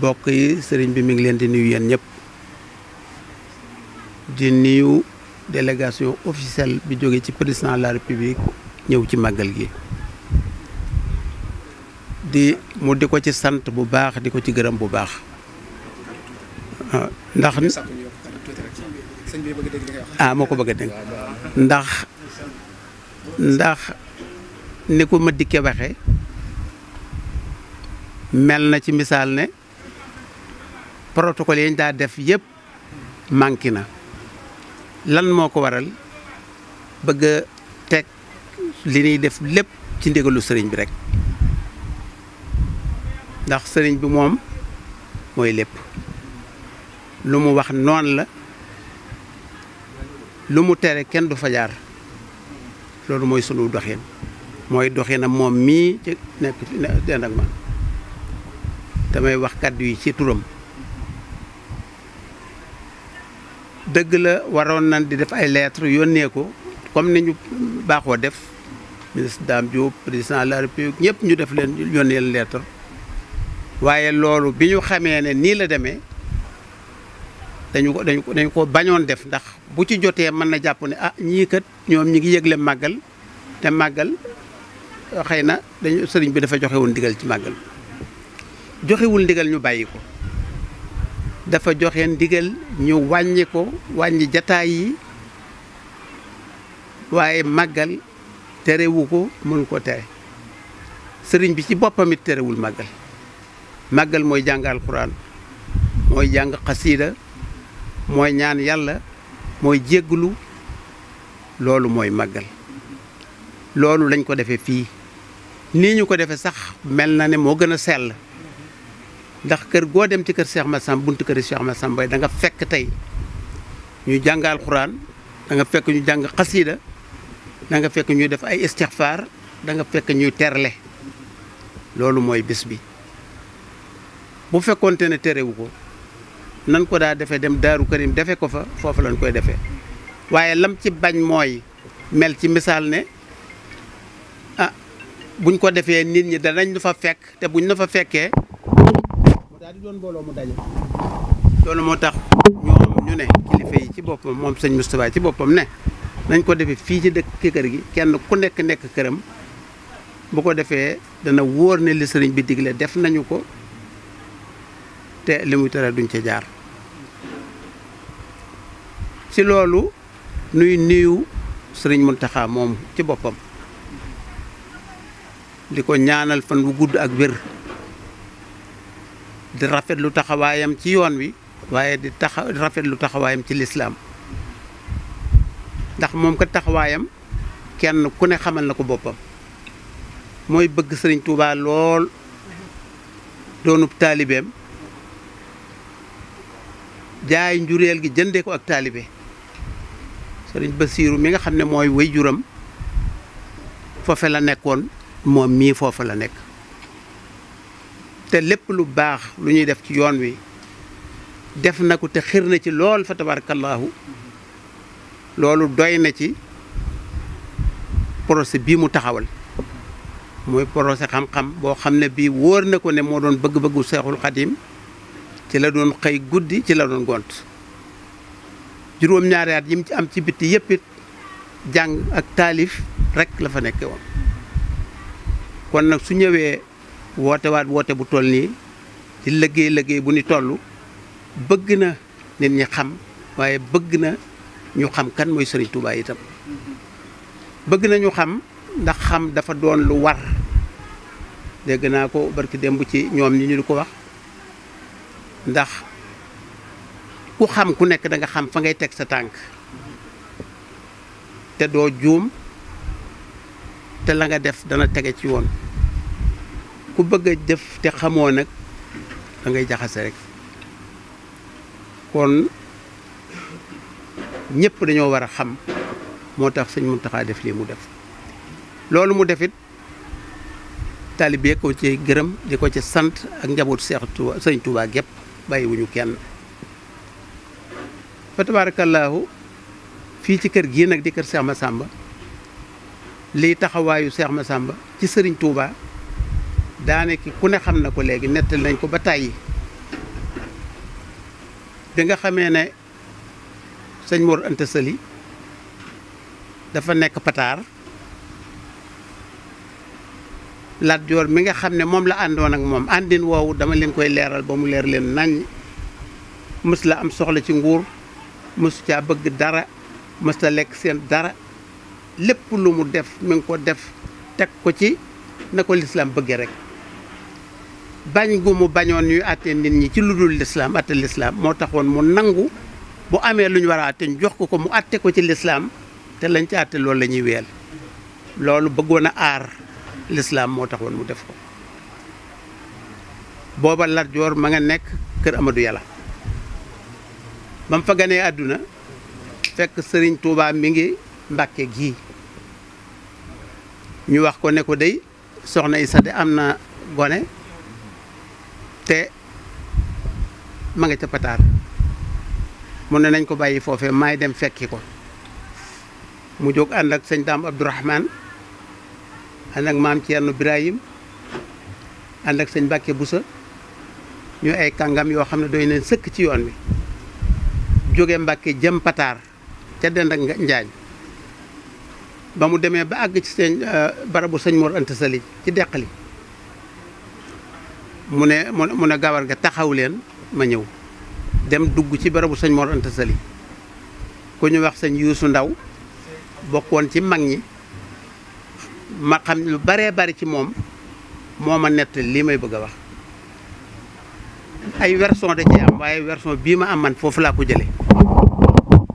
bokk yi sëriñ bi mu ngi leen di nuyu yéen ñëpp di nuyu délégation officielle bi jóge ci président la république ñëw ci màggal gi di mu di ko ci sant bu baax di ko ci gërëm bu baax ah, ndax ah moo ko bëgg a dégg ndax ndax ni ko ma dikke waxe mel na ci misaal ne protocole yañ daa def yëpp manqué na lan moo ko waral bëgg a teg li ñuy def lépp ci ndigalu sëriñ bi rek ndax sëriñ bi moom mooy lépp lu mu wax noon la lu mu tere kenn du fa jaar loolu mooy sunu doxin mooy doxinam moom mii ci nekk damay wax kàddu yi ci turam dëgg la waroon nañ di def ay lettres yónnee ko comme ni ñu baaxoo def ministre Dame Diop la République ñëpp ñu def leen yónnee leen lettre waaye loolu bi ñu xamee ne nii la demee dañu ko dañu ko dañu ko bañoon def ndax bu ci jotee mën na jàpp ne ah ñii kat ñoom ñi ngi yëgle màggal te màggal xëy na dañu sëriñ bi dafa joxewul ndigal ci màggal joxewul ndigal ñu bàyyi ko. dafa joxe ndigal ñu wàññi ko wàññi jataay yi waaye màggal terewu ko mënu ko tere sëriñ bi ci boppamit it terewul màggal màggal mooy jàng alxuraan mooy jàng xasiida mooy ñaan yàlla mooy jégglu loolu mooy màggal loolu lañ ko defee fii nii ñu ko defee sax mel na ne moo gën a sell ndax kër goo dem ci kër Cheikh Massamba buntu kër Cheikh Massamba da nga fekk tey ñu jàng alxuraan danga fekk ñu jàng xasiida danga fekk ñuy def ay istixfaar da nga fekk ñuy terle loolu mooy bés bi bu fekkoonte ne terewu ko nan ko daa defee dem daaru karim defe ko fa foofu lañ koy defee waaye lam ci bañ mooy mel ci misaal ne a ah, buñ ko defee nit ñi danañ nu fa fekk te buñ na fa fekkee daal mbooloo mu daje. loolu moo tax ñoom ñu ne kilifa yi ci boppam moom sëñ Moustapha ci boppam ne nañ ko defee fii ci dëkk kër gi kenn ku nekk nekk këram bu ko defee dana wóor ne li sëriñ bi digle def nañu ko te li muy tere duñ ca jaar. ci loolu nuy nuyu sëriñ Mountakha moom ci boppam di ko ñaanal fan wu gudd ak wér. di lu taxawaayam ci yoon wi waaye di tax rafet lu taxawaayam ci lislaam ndax moom ko taxawaayam kenn ku ne xamal na ko boppam mooy bëgg sëriñ Touba lool doonub taalibeem jaay njureel gi jëndee ko ak taalibe sëriñ Basiiru mi nga xam ne mooy way juram foofe la nekkoon moom mii foofa la nekk te lépp lu baax lu ñuy def ci yoon wi def na ko te xiir na ci lool fa tabarakallahu loolu doy na ci projet bii mu taxawal mooy projet xam-xam boo xam ne bii wóor na ko ne moo doon bëgg-bëggu seexul xadim ci la doon xëy guddi ci la doon gont juróom-ñaari at yi ci am ci bitti yëpp it jàng ak taalif rekk la fa nekke woon kon nag su ñëwee woote waat woote bu toll nii di liggéey liggéey bu ni toll bëgg na nit ñi xam waaye bëgg na ñu xam kan mooy Serigne Touba itam bëgg na ñu xam ndax xam dafa doon lu war dégg naa ko barki démb ci ñoom ñi ñu di ko wax ndax ku xam ku nekk danga xam fa ngay teg sa tànk te doo juum te la nga def dana tege ci woon ku bëgg a jëf te xamoo nag da ngay jaxase rek kon ñépp dañoo war a xam moo tax sëñ Muntaxa def lii mu def loolu mu defit taalibe ko ci gërëm di ko ci sant ak njabootu Seex Tuuba sëñ Tuuba gépp bàyyiwuñu kenn fa fii ci kër gii nag di kër Seex ma sàmba lii taxawaayu Seex sàmba ci sëriñ tuubaa daanaka ku ne xam na ko léegi nettali nañ ko ba tàyyi bi nga xamee ne sëñ Mor Anta Sali dafa nekk pataar Lat Joor mi nga xam ne moom la àndoon ak moom àndin woowu dama leen koy leeral ba mu leer leen nañ mës la am soxla ci nguur mësu caa bëgg dara mës lekk seen dara lépp lu mu def mu ngi ko def teg ko ci na ko lislaam bëgge rek bañ gu mu bañoon ñuy àtte nit ñi ci lu dul lislaam àtte lislaam moo taxoon mu nangu bu amee lu ñu war a àtte ñu jox ko ko mu àtte ko ci lislaam te lañ ci àtte loolu la ñuy weel loolu bëggoon a aar lislaam moo taxoon mu def ko booba Lat Joor ma nga nekk kër Amadou Yàlla ba mu fa ganee àdduna fekk sëriñ Touba mi ngi Mbàkke gi ñu wax ko ne ko dey soxna Isa de am na gone te ma nga ca pataar mu ne nañ ko bàyyi foofee maay dem fekki ko mu jóg ànd ak sëñ daam Abdourahman ànd ak maam Thierno Birahim ànd ak sëñ Mbacke Boussa ñu ay kàngam yoo xam ne doy nañ sëkk ci yoon wi jóge Mbacke jëm pataar ca dend ak Njaañ ba mu demee ba àgg ci sëñ euh, barabu sëñ Mor Anta Sali ci deq li mu ne mu ne gawar ga taxaw leen ma ñëw dem dugg ci barabu sañ Mor Anta Sali ku ñu wax sañ Yuusu Ndaw bokkoon ci mag ñi ma xam lu baree bari ci moom moo ma nett lii may bëgg a wax ay version de ci am waaye version bii ma am man foofu laa ko jële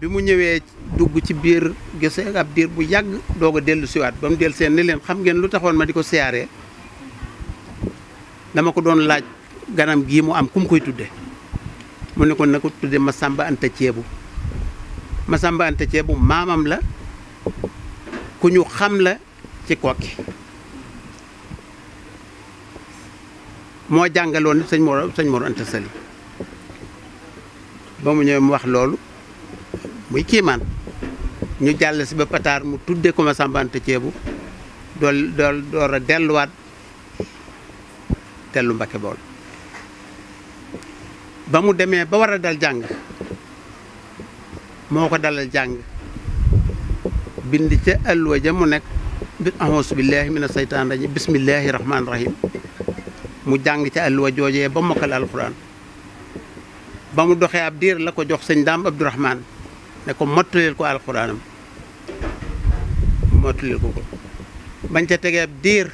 bi mu ñëwee dugg ci biir gis ab diir bu yàgg doog a dellu siwaat ba mu dellu seen ni leen xam ngeen lu taxoon ma di ko siyaaree dama ko doon laaj ganam gii mu am ku mu koy tudde mu ne ko na ko tudde ma Anta Ceebu Masamba Ceebu maamam la ku ñu xam la ci kokki moo jàngaloon sëñ Mor sëñ Mor Anta Sali ba mu ñëwee mu wax loolu muy kiimaan ñu jàll si ba pataar mu tudde ko Masamba Anta Ceebu dool dool door a delluwaat tellu Mbacke Bawol ba mu demee ba war a dal jàng moo ko dalal jàng bind ca alluwa ja mu nekk bi auzu billaahi mina seytaan rajiim bismillaahi rahmaani rahiim mu jàng ca alluwa joojee ba mokkal alxuraan ba mu doxee ab diir la ko jox sëñ daam Abdourahman ne ko mottaleel ko alxuraanam mottaleel ko ko bañ ca tegee ab diir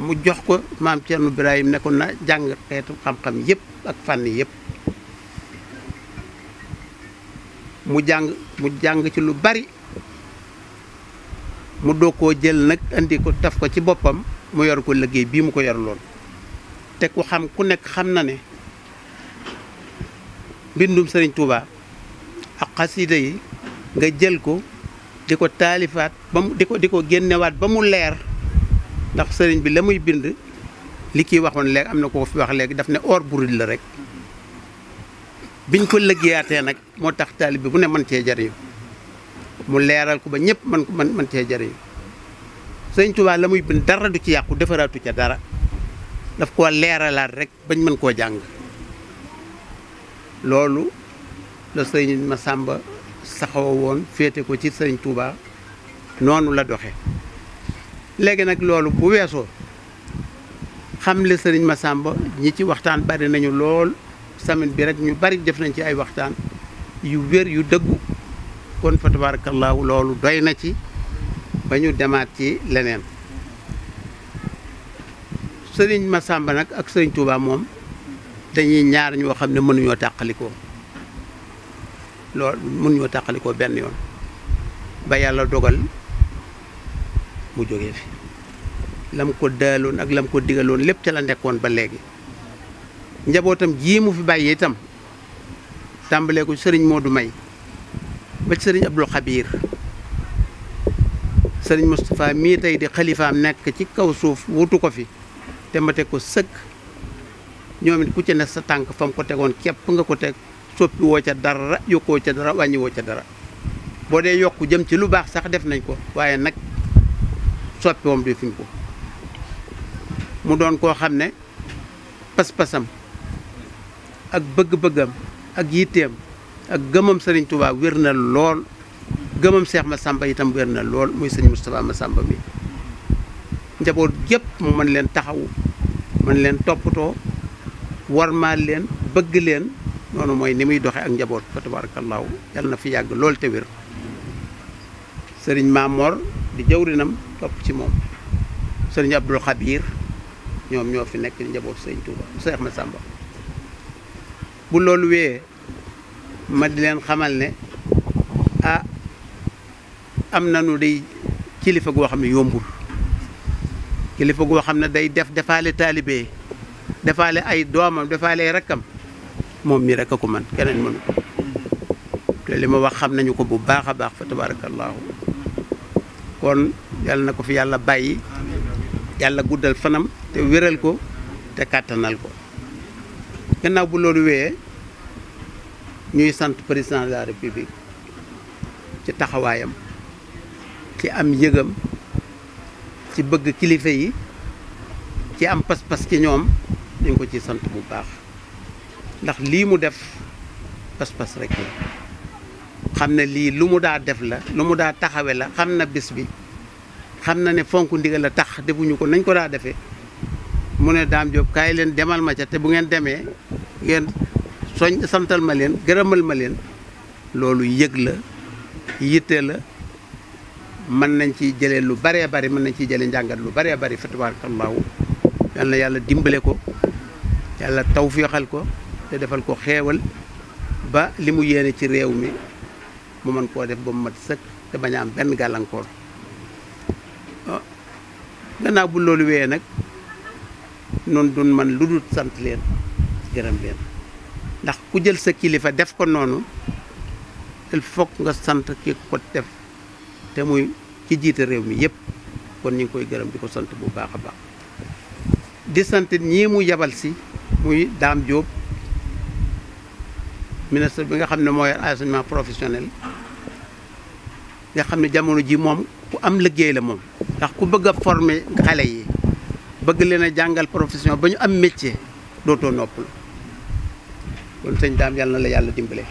mu jox ko maam Thierno Birahim ne ko na jàng xeetu xam-xam yëpp ak fànn yépp mu jàng mu jàng ci lu bari mu doo ko jël nag indi ko taf ko ci boppam mu yor ko liggéey bii mu ko yor loon te ku xam ku nekk xam na ne mbindum Sëriñ Tuuba ak xasida yi nga jël ko di ko taalifaat ba mu di ko di ko génnewaat ba mu leer ndax sëriñ bi la muy bind li kiy waxoon léegi am na ko fi wax léegi daf ne or burid la rek biñ ko lëggeeyaatee nag moo tax taalibe bu ne mën cee jariñu mu leeral ko ba ñëpp man ko mën cee jariñu sëriñ Tuubaa la muy bind dara du ci yàqu defaraatu ca dara daf koo leeralaat rek bañ mën koo jàng loolu la sëriñ Masamba saxaw woon féete ko ci sëriñ Tuubaa noonu la doxe léegi nag loolu bu weesoo xam le ma sàmba ñi ci waxtaan bari nañu lool semaine bi rek ñu bari def nañ ci ay waxtaan yu wér yu dëggu kon fa tabaarakallaahu loolu doy na ci ba ñu demaat ci leneen sëriñ sàmba nag ak sëriñ Touba moom dañuy ñaar ñoo xam ne mënuñoo tàqalikoo lool mënuñoo tàqalikoo benn yoon ba yàlla dogal mu jógee fi lam ko daaloon ak lam ko digaloon lépp ca la nekkoon ba léegi njabootam jii mu fi bàyyi itam tàmbalee ko sëriñ moo du May ba sëriñ Abdou Xabiir sëriñ Moustapha mii tey di xalifaam nekk ci kaw suuf wutu ko fi te ma teg ko sëkk ñoom it ku ci ne sa tànk fam ko tegoon képp nga ko teg soppi woo ca dara yokkoo ca dara wàññiwoo ca dara boo dee yokku jëm ci lu baax sax def nañ ko waaye nag soppi moom fiñ ko mu doon koo xam ne pas-pasam ak bëgg-bëggam ak yitteem ak gëmam sëriñ Touba wér na lool gëmam Seex Masamba itam wér na lool muy sëñ Moustapha sàmba mi njaboot gépp mu mën leen taxawu mën leen toppatoo warmaal leen bëgg leen noonu mooy ni muy doxee ak njaboot fa tabaarakallaahu yàlla na fi yàgg lool te wér sëriñ Mamor di jawrinam topp ci moom sëriñ Abdul ñoom ñoo fi nekk njaboot sëriñ Touba Seex Masamba bu loolu wéyee ma di leen xamal ne ah am nanu day kilifa goo xam ne yombul kilifa goo xam ne day def defaale taalibe defaale ay doomam defaale ay rakkam moom mi rek a ko man keneen mënu te li ma wax xam nañu ko bu baax a baax fa tabaarakallaahu kon yàlla na ko fi yàlla bàyyi yàlla guddal fanam te wéral ko te kàttanal ko gannaaw bu loolu wéyee ñuy sant président de la république ci taxawaayam ci am yëgam ci bëgg kilifa yi ci am pas-pas ci ñoom dañ ko ci sant bu baax ndax lii mu def pas-pas rek xam ne lii lu mu daa def la lu mu daa taxawe la xam na bis bi xam na ne fonk ndigal la tax defuñu ko nañ ko daa defee mu ne daam Diop kaay leen demal ma ca te bu ngeen demee ngeen soñ santal ma leen gërëmal ma leen loolu yëg la yitte la mën nañ ci jële lu baree bari mën nañ ciy jëlee njàngat lu baree bari fa tabaarakallaahu yal yàlla dimbale ko yàlla tawféexal ko te defal ko xeewal ba li mu yéene ci réew mi mu mën koo def ba mu mat sëkk te bañ a benn gàllankoor ah, gannaaw bu loolu wéyee nag noonu dun man lu dul sant leen gërëm leen ndax ku jël sa kilifa def ko noonu il faut nga sant ki ko def te muy ki jiite réew mi yëpp kon ñu koy gërëm di ko sant bu baax a baax di sant ñii mu yabal si muy Daam Jóob ministre bi nga xam ne mooy enseignement professionnel nga xam ne jamono ji moom ku am liggéey la moom ndax ku bëgg a former xale yi bëgg leen a jàngal profession ba ñu am métier dootoo noppal kon sëñ daam yàlla na la yàlla dimbale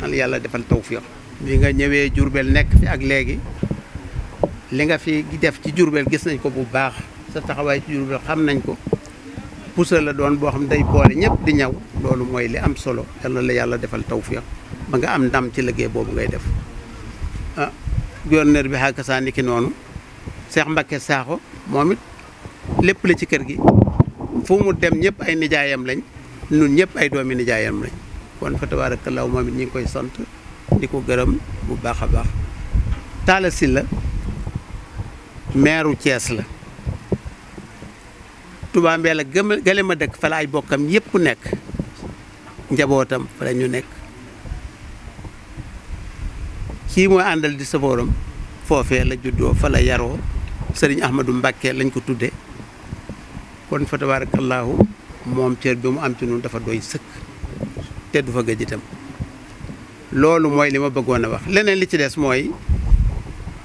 na la yàlla defal tawfiq bi nga ñëwee Jurbel nekk fi ak léegi li nga fi def ci Jurbel gis nañ ko bu baax sa taxawaay ci Jurbel xam nañ ko pusa la doon boo xam day boole ñëpp di ñaw loolu mooy li am solo yàlla la yàlla defal tawfiq ba nga am ndam ci liggéey boobu ngay def ah gouverneur bi xaaka saa niki noonu Cheikh Mbacke Sakho moom it lépp la ci kër gi fu mu dem ñëpp ay nijaayam lañ nun ñëpp ay doomi nijaayam lañ kon fa tabaarakallaahu moom it ñu ngi koy sant di ko gërëm bu baax a baax Talla la meeru Thiès la Touba Mbella gële ma dëkk fa la ay bokkam yépp ku nekk njabootam fa la ñu nekk kii mooy àndal di safooram foofee la juddoo fa la yaroo sëriñ Ahmadou Mbacke lañ ko tudde kon fa tabaarakallaahu moom cër bi mu am ci noonu dafa doy sëkk te du fa gëj loolu mooy li ma bëggoon a wax leneen li ci des mooy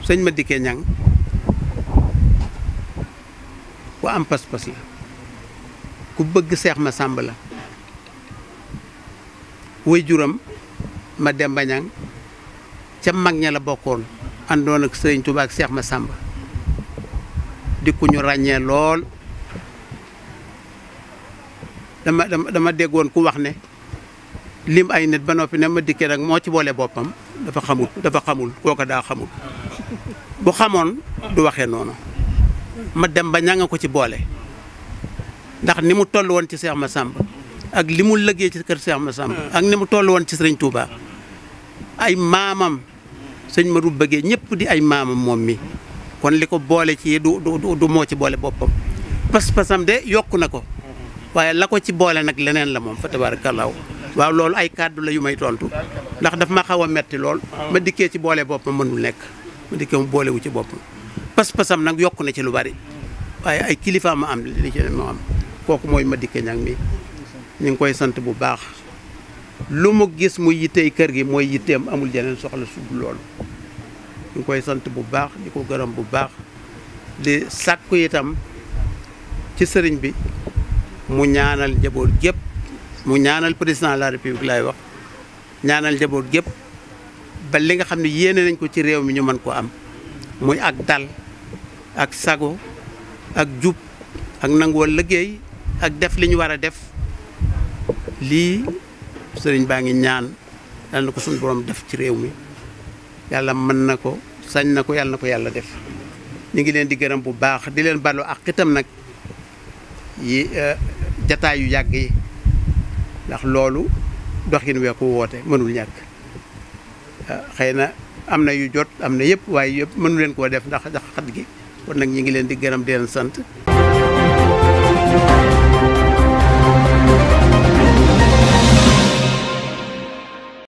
sëñ ma dikkee ñang ku am pas-pas la ku bëgg seex ma sàmb la way juram ma dem ñang ca mag ña la bokkoon àndoon ak sëriñ Tuubaa seex ma sàmb di ku ñu ràññee lool dama dama dama déggoon ku wax ne lim ay nit ba noppi ne ma dikkee nag moo ci boole boppam dafa xamul dafa xamul daa xamul bu xamoon du waxee noonu ma dem ba ñanga ko ci boole ndax ni mu toll woon ci ma Massamba ak li mu lëggee ci kër seex ma Massamba ak ni mu toll woon ci sëriñ Touba ay maamam sëñ Madu bëggee ñëpp di ay maamam moom mi kon li ko boole ci du du moo ci boole boppam pas-pasam de yokk na ko waaye la ko ci boole nag leneen la moom fa tabaarakallaahu waaw loolu ay la yu may tontu ndax daf ma xaw a metti lool ma dikkee ci boole boppam mënul nekk ma dikkee boolewu ci boppam pas-pasam nag yokk na ci lu bari waaye ay kilifa mu am li ci ma am kooku mooy ma Madické Niang mi ñu ngi koy sant bu baax lu mu gis mu yittey kër gi mooy yitteem amul jeneen soxla sub loolu ñu ngi koy sant bu baax di ko gërëm bu baax di sàkku itam ci sëriñ bi mu ñaanal njaboot gépp mu ñaanal président de la république laay wax ñaanal njaboot gépp ba li nga xam ne yéene nañ ko ci réew mi ñu mën ko am muy ak dal ak sago ak jub ak nanguwal liggéey ak def li war a def lii sëriñ baa ngi ñaan yàlla na ko suñu borom def ci réew mi yàlla mën na ko sañ na ko yàlla na ko yàlla def ñu ngi leen di gërëm bu baax di leen balu ak itam nag yi e, jataay yu yàgg yi ndax loolu doxin wee woote mënul ñàkk e, xëy na am na yu jot am na yëpp waaye yëpp mënu leen koo def ndax xat gi kon nag ñu ngi leen di gërëm di leen sant